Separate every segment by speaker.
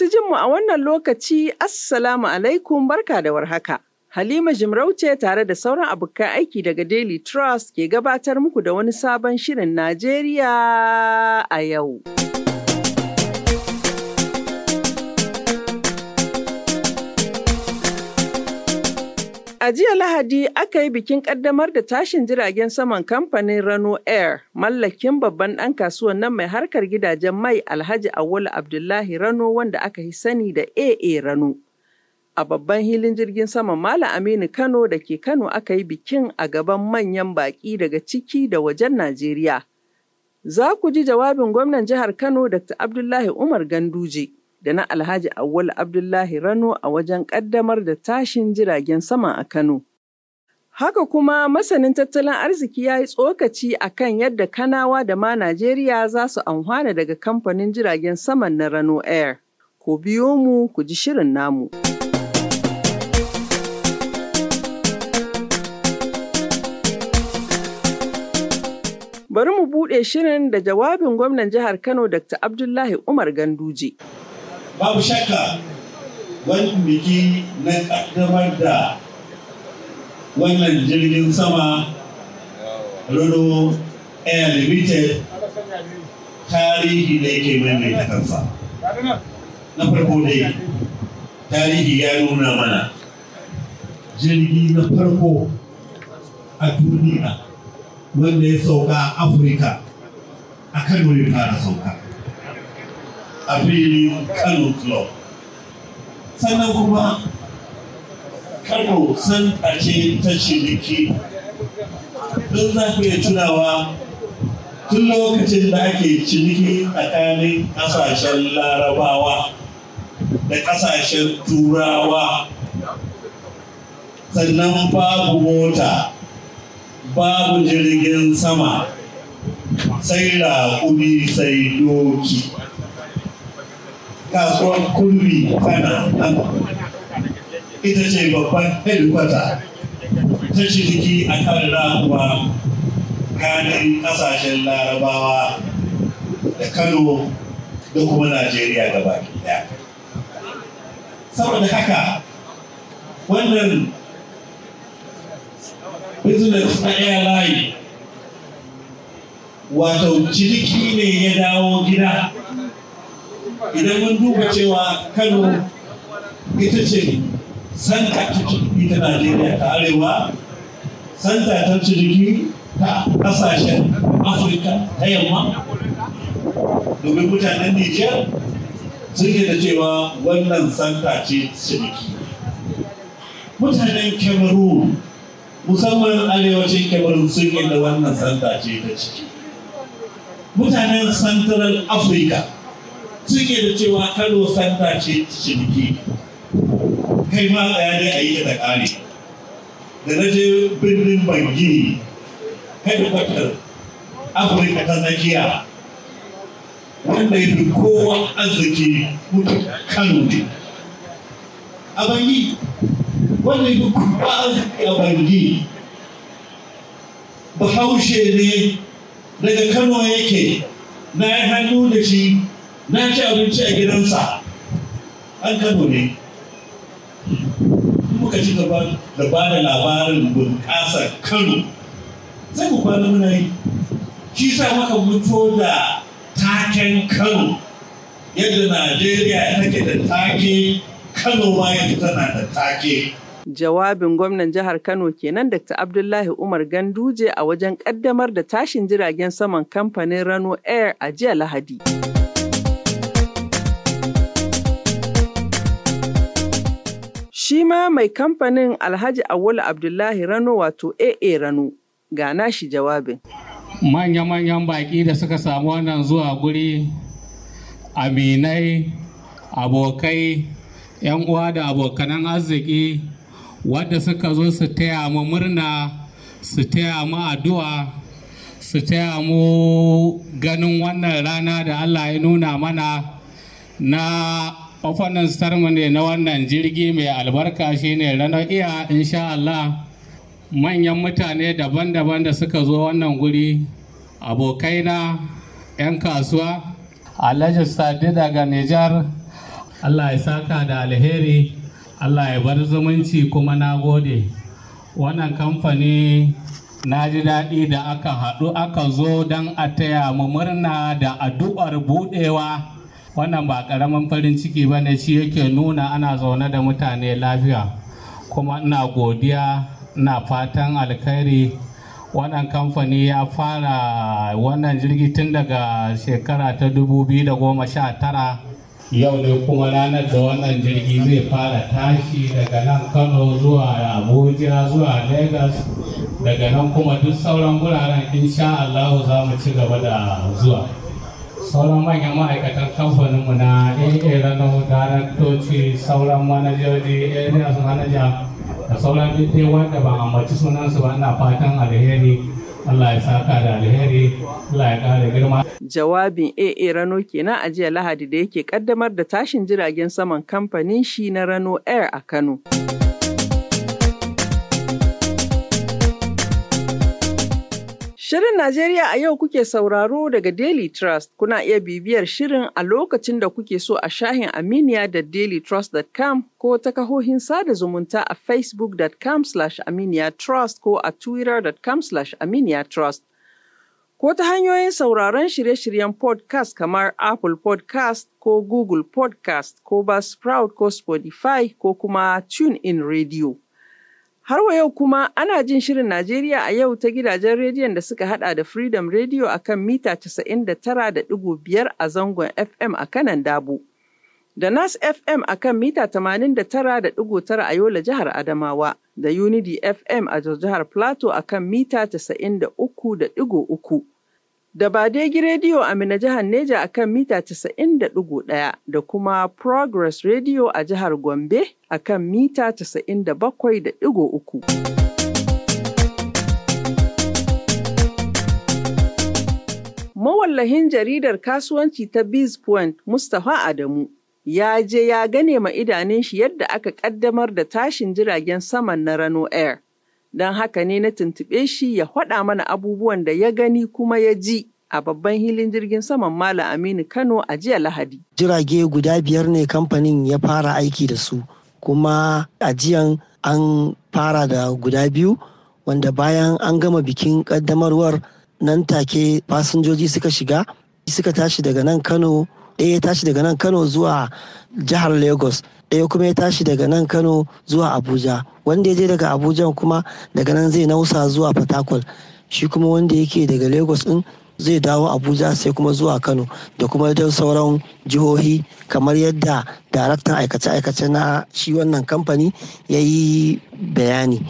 Speaker 1: Masu jinmu a wannan lokaci, Assalamu alaikum barka da warhaka. Halima Jimarauce tare da sauran abokan aiki daga Daily Trust ke gabatar muku da wani sabon shirin Najeriya a yau. A jiya Lahadi aka yi bikin ƙaddamar da tashin jiragen saman kamfanin Rano Air, mallakin babban ɗan kasuwan nan mai harkar gidajen mai Alhaji Awolu Abdullahi Rano wanda aka yi sani da AA Rano. A babban hilin jirgin saman Malam Aminu Kano da ke Kano aka yi bikin a gaban manyan baƙi daga ciki da wajen Najeriya. Za ku ji jawabin gwamnan jihar Kano Dr. Abdullahi Umar Ganduje. da na Alhaji Awul Abdullahi Rano a wajen ƙaddamar da tashin jiragen sama a Kano. Haka kuma masanin tattalin arziki ya yi tsokaci a kan yadda Kanawa da ma Najeriya za su amfana daga kamfanin jiragen saman na Rano Air. Ku biyo mu ku ji shirin namu. Bari mu buɗe shirin da jawabin gwamnan jihar Kano Dr. Abdullahi Umar Ganduje.
Speaker 2: babu shakka wani biki na kaddamar da wannan jirgin sama Rodo Air Limited tarihi da yake maimaita kansa. Na farko dai tarihi ya nuna mana jirgi na farko a duniya wanda ya sauka Afirka a kan wani fara sauka. a filin kano club sannan kuma kano sun ce ta ciniki don za ku iya tunawa tun lokacin da ake ciniki tsakanin ƙasashen larabawa da ƙasashen turawa sannan babu mota babu jirgin sama sai raƙumi sai doki kasuwar kulmi kana nan ita ce babban helikwata ta shirki a kan ramuwa kanin kasashen larabawa da kano da kuma najeriya da baki daya saboda haka wannan business na airline wato ciniki ne ya dawo gida idan mun duba cewa kano ita ce santa ta ciki ta najeriya ta arewa santa ta ciniki ta kasashen afirka ta yamma domin mutanen nijar sun da cewa wannan santa ce ciniki mutanen cameroon musamman arewacin cameroon sun da wannan santa ce ta ciki mutanen central africa sun da cewa kano santa ce ciniki kai ma a yare a yi da kare da na je birnin bangi kai kwatar afirka ta tsakiya wanda ya fi kowa arziki mutu kano ne a bangi wanda ya fi kowa arziki a bangi bahaushe ne daga kano yake na yi hannu da shi na ci abinci a gidansa an kano ne muka ci gaba da ba da labarin bunƙasar kano zai ku kwana muna yi shi sa maka mutu da taken kano yadda najeriya take da take kano ma yadda tana da take
Speaker 1: Jawabin gwamnan jihar Kano kenan Dr. Abdullahi Umar Ganduje a wajen kaddamar da tashin jiragen saman kamfanin Rano Air a jiya Lahadi. Shi ma mai kamfanin Alhaji Auwalu Abdullahi Rano wato AA Rano ga nashi jawabin.
Speaker 3: Manya-manyan baƙi da suka samu wannan zuwa guri aminai, abokai, 'yan uwa da abokanan arziki wadda suka zo su taya mu murna, su taya mu addu'a, su taya mu ganin wannan rana da Allah ya nuna mana na ofanin ne na wannan jirgi mai albarka shine ranar iya insha Allah manyan mutane daban-daban da suka zo wannan guri abokaina 'yan kasuwa alhaji sadi daga nijar Allah ya saka da alheri Allah ya bar zumunci kuma na gode wannan kamfani na ji daɗi da aka haɗu aka zo don a taya mu murna da addu'ar buɗewa wannan ba karamin farin ciki ba ne shi yake nuna ana zaune da mutane lafiya kuma ina godiya na fatan alkhairi wannan kamfani ya fara wannan jirgi tun daga shekara ta 2019 yau ne kuma ranar da wannan jirgi zai fara tashi daga nan kano zuwa abuja zuwa lagos daga nan kuma duk sauran guraren insha allahu za mu ci gaba da zuwa sauran manyan ma'aikatan kamfaninmu na AA Rano toci sauran manajoji su manaja da sauran dai wanda ban mace sunansu ba ina fatan alheri Allah ya saka da alheri Allah ya kare girma
Speaker 1: jawabin AA Rano kenan a jiya Lahadi da yake kaddamar da tashin jiragen saman kamfanin shi na Rano Air a Kano. Shirin Najeriya a yau kuke sauraro daga Daily Trust. Kuna iya bibiyar shirin a lokacin da kuke so a shahin Aminiya da dailytrust.com ko ta kahohin sada zumunta a facebook.com slash trust ko a twitter.com slash trust Ko ta hanyoyin sauraron shirye-shiryen podcast kamar Apple podcast ko Google podcast ko Buzzsprout ko Spotify ko kuma TuneIn Radio. Har wa yau kuma ana jin shirin Najeriya a yau ta gidajen rediyon da suka hada da Freedom Radio a kan mita 99.5 a zangon FM a kanan Dabo. Da Nas FM a kan mita 89.9 a Yola jihar Adamawa, da Unity FM a jihar Plateau a kan mita 93.3. da Badegi Radio a Mina jihar Neja a kan mita 90.1 da kuma Progress Radio a jihar Gombe a kan mita 97.3. Mawallahin jaridar kasuwanci ta Point Mustapha Adamu ya je ya gane ma idanun shi yadda aka kaddamar da tashin jiragen saman na Rano Air. Don haka ne na tuntuɓe shi ya faɗa mana abubuwan da ya gani kuma ya ji a babban hilin jirgin saman Malam Aminu Kano a jiya Lahadi.
Speaker 4: Jirage guda biyar ne kamfanin ya fara aiki da su, kuma ajiyan an fara da guda biyu, wanda bayan an gama bikin ƙaddamarwar nan take fasinjoji suka shiga, suka tashi daga nan Kano ɗaya ya tashi daga nan kano zuwa jihar lagos ɗaya kuma ya tashi daga nan kano zuwa abuja wanda ya je daga abuja kuma daga nan zai nausa zuwa fatakwal shi kuma wanda yake daga lagos ɗin zai dawo abuja sai kuma zuwa kano da kuma da sauran jihohi kamar yadda daraktan aikace-aikace na shi wannan kamfani ya yi bayani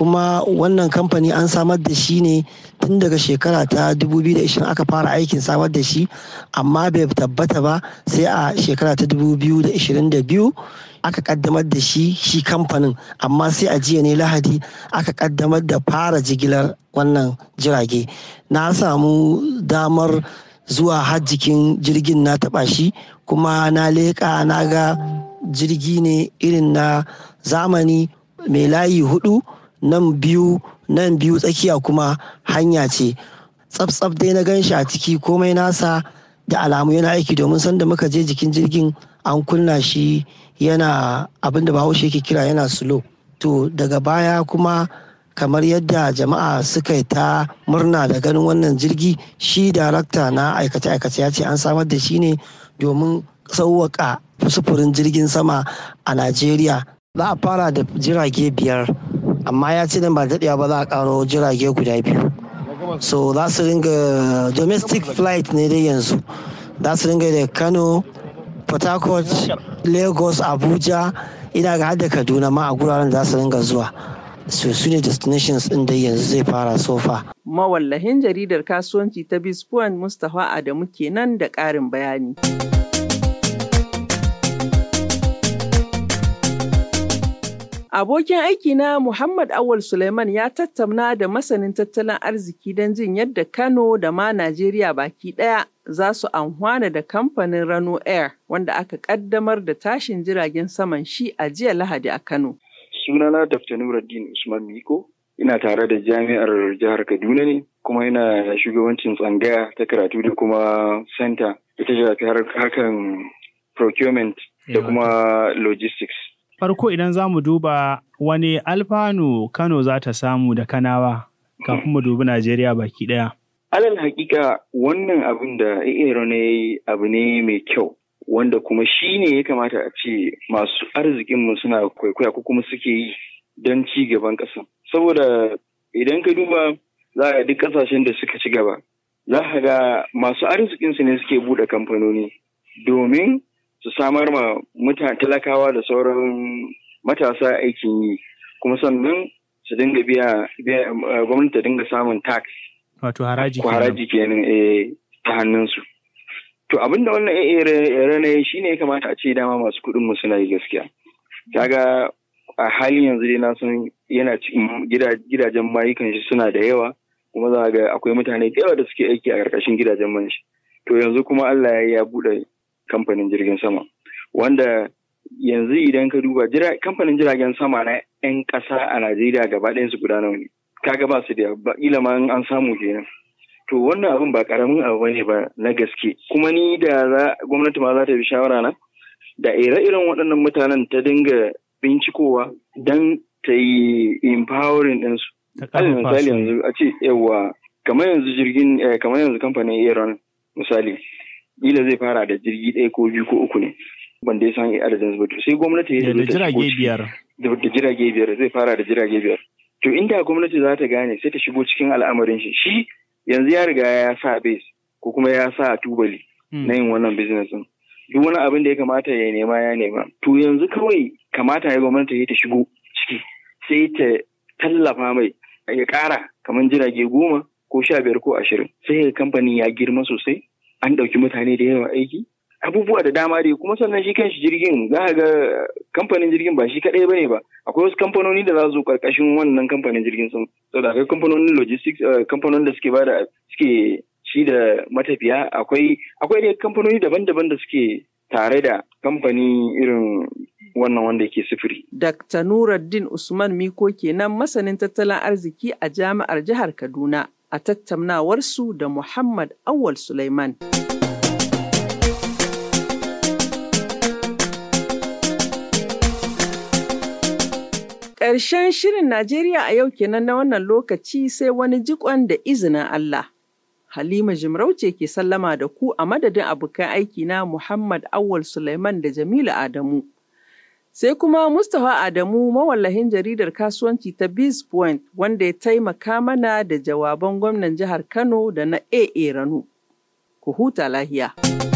Speaker 4: kuma wannan kamfani an samar da shi ne tun daga shekara ta 2020 aka fara aikin samar da shi amma bai tabbata ba sai a shekara ta 2022 aka kaddamar da shi shi kamfanin amma sai a jiya ne lahadi aka kaddamar da fara jigilar wannan jirage na samu damar zuwa hajjikin jirgin na taba shi kuma na leƙa na ga jirgi ne irin na zamani mai layi hudu nan biyu nan biyu tsakiya kuma hanya ce tsaf dai na ganshi a ciki komai nasa da alamu yana aiki domin sanda muka je jikin jirgin an kunna shi yana abin da bahaushe yake kira yana sulo. to daga baya kuma kamar yadda jama'a suka yi ta murna da ganin wannan jirgi shi darakta na aikace-aikace ya ce an samar da shi ne domin sauwaka sufurin jirgin sama a najeriya za a fara da jirage biyar amma ya ce nan ba daɗewa ba za a ƙaro jirage guda biyu so za su ringa domestic flight ne dai yanzu za su ringa da kano port harcourt lagos abuja ina ga da kaduna ma a guraren za su ringa zuwa su su ne destinations ɗin da yanzu zai fara sofa.
Speaker 1: Mawallahin jaridar kasuwanci ta Bispuan Mustapha Adamu kenan da ƙarin bayani. Abokin aiki na Muhammad Awal Suleiman ya tattauna da masanin tattalin arziki don jin yadda Kano da ma Najeriya baki ɗaya za su anhwana da kamfanin Rano Air wanda aka ƙaddamar da tashin jiragen saman shi a jiya Lahadi a Kano. Sunana Dr. Nuruddin Usman Miko,
Speaker 5: ina tare da jami'ar jihar Kaduna ne, kuma ina shugabancin tsangaya ta karatu da kuma center da ta shafi harkan procurement da kuma logistics.
Speaker 3: farko idan za mu duba wani alfanu Kano za ta samu da Kanawa kafin mu dubi Najeriya baki ɗaya. Alal
Speaker 5: hakika wannan abin da Iro ne abu ne mai kyau wanda kuma shi ne ya kamata a ce masu arzikinmu suna kwaikwaya ko kuma suke yi don ci gaban ƙasa. Saboda idan ka duba za a duk ƙasashen da suka ci gaba za a ga masu arzikinsu ne suke buɗe kamfanoni domin su samar ma talakawa da sauran matasa aikin yi kuma sannan su dinga biya eh, gwamnati ta dinga samun tax
Speaker 3: wato haraji haraji
Speaker 5: kenan eh, ta hannunsu to abin da wannan ere eh, ne shine ya kamata a ce dama masu kuɗin mu suna yi gaskiya kaga a halin yanzu dai na san yana gidajen mayukan shi suna da yawa kuma za ga akwai mutane da yawa da suke aiki a ƙarƙashin gidajen man shi to yanzu kuma Allah ya yi ya buɗe kamfanin jirgin sama wanda yanzu idan ka duba kamfanin jiragen sama na 'yan ƙasa a najeriya gaba ɗayan su guda nawa ne kaga ba su da ba ma an samu kenan to wannan abin ba karamin abu ne ba na gaske kuma ni da gwamnati ma za ta bi shawara na da ire-iren waɗannan mutanen ta dinga bincikowa don ta yi empowering ɗinsu.
Speaker 4: misali yanzu
Speaker 5: a ce yawa kamar yanzu eh, kamar yanzu kamfanin Iran misali kila zai fara da jirgi ɗaya ko biyu ko uku ne ban dai san adadin zuba sai gwamnati ya da jirage biyar da jirage biyar zai fara da jirage biyar to inda gwamnati za ta gane sai ta shigo cikin al'amarin shi shi yanzu ya riga ya sa base ko kuma ya sa tubali hmm. na yin wannan business din duk wani abin da ya kamata ya nema ya nema to yanzu kawai kamata ya gwamnati ta shigo ciki sai ta tallafa mai ya kara kamar jirage goma ko sha biyar ko ashirin sai kamfanin ya girma sosai an ɗauki mutane da yawa aiki abubuwa da dama dai kuma sannan shi kanshi jirgin za ga kamfanin jirgin ba shi kaɗai bane ba akwai wasu kamfanoni da za su karkashin wannan kamfanin jirgin sun saboda akwai kamfanonin logistics eh, kamfanonin da suke bada suke shi da matafiya akwai akwai dai kamfanoni daban-daban da suke tare da kamfani irin wannan wanda ke sufuri.
Speaker 1: Dr. Nuruddin Usman Miko kenan masanin tattalin arziki a jami'ar jihar Kaduna. a tattaunawarsu da Muhammad Awal Sulaiman. Ƙarshen shirin Najeriya a yau kenan na wannan lokaci sai wani jikon da izinin Allah. Halima Jimarauce ke sallama da ku a madadin abokan aiki na Muhammad Awal Sulaiman da Jamilu Adamu. Sai kuma Mustapha Adamu mawallahin jaridar kasuwanci ta Biz Point wanda ya taimaka mana da jawaban gwamnan jihar Kano da na AA Rano. Ku huta lahiya.